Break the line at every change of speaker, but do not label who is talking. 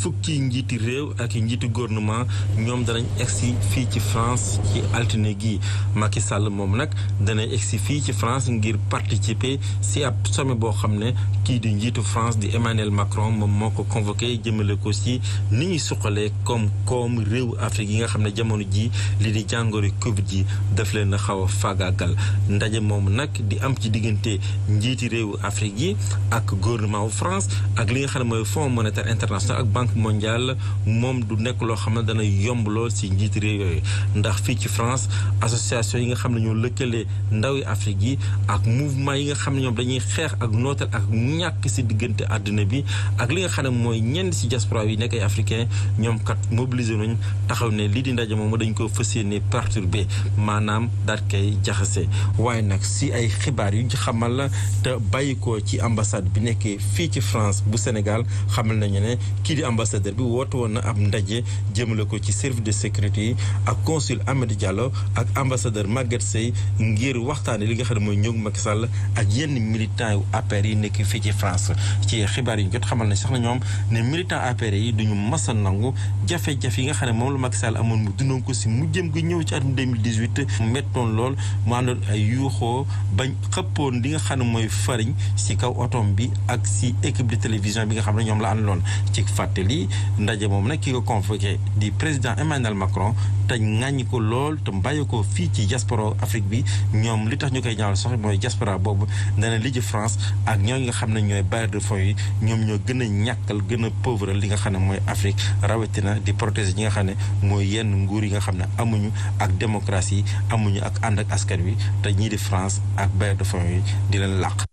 fukki njiiti réew ak njiiti gouvernement ñoom danañ egsi fii ci France ci altine gi Macky Sall moom nag dana egsi fii ci France ngir participer si ab some boo xam ne kii di njiitu France di Emmanuel Macron moom moo ko convoqué jëmmale ko si ni ñuy suqalee koom-koom réew Afrique yi nga xam ne jamono ji li di jàngoro Covid ji def leen a xaw a faagaagal ndaje moom nag di am ci diggante njiiti réewu Afrique yi ak gouvernement wu France ak li nga xam mooy Fonds monétaire international banque mondiale moom du nekk loo xam ne dana yomb lool si njiiti réew yooyu ndax fii ci France association yi nga xam ne ñoo lëkkalee ndawi Afrique yi ak mouvement yi nga xam ne ñoom dañuy xeex ak nootal ak ñàkk si diggante àdduna bi ak li nga xam ne mooy ñenn si diaspora yi nekk ay ñoom kat mobilisé nañ taxaw ne lii di ndaje moom dañ ko fas yéene perturbé maanaam daal koy jaxase waaye nag si ay xibaar yu ñu xamal la te bàyyi ci ambassade bi nekkee fii ambassadeur bi woote woon na ab ndaje jëmale ko ci service de sécurité yi ak consul Amady Diallo ak ambassadeur Maguette Seye ngir waxtaane li nga xam ne mooy ñëw Macky Sall ak yenn militant yu yi nekk fii ci France ci xibaar yi jot xamal ne sax na ñoom ne militant APR yi duñu masa nangu jafe-jafe yi nga xam ne moom la Macky Sall amoon mu dundoon ko si mu jëm gi ñëw ci at atum 2018 mettoon lool mu àndoon ay yuuxoo bañ xëppoon li nga xam ne mooy fariñ si kaw otom bi ak si équipe de télévision bi nga xam ne ñoom la àndoon ci fàtte fàttali ndaje moom nag ki ko convoqué di président Emmanuel Macron te ŋàññi ko lool te bàyyi ko fii ci diaspora Afrique bi ñoom li tax ñu koy ñaawal sax mooy diaspora boobu nee na France ak ñooñu nga xam ne ñooy bailleurs de fonds yi ñoom ñoo gën a ñàkkal gën a pauvre li nga xam ne mooy Afrique rawatina di protéger ñi nga xam ne mooy yenn nguur yi nga xam ne amuñu ak démocratie amuñu ak ànd ak askan wi te ñii di France ak bailleurs de fonds yi di leen làq.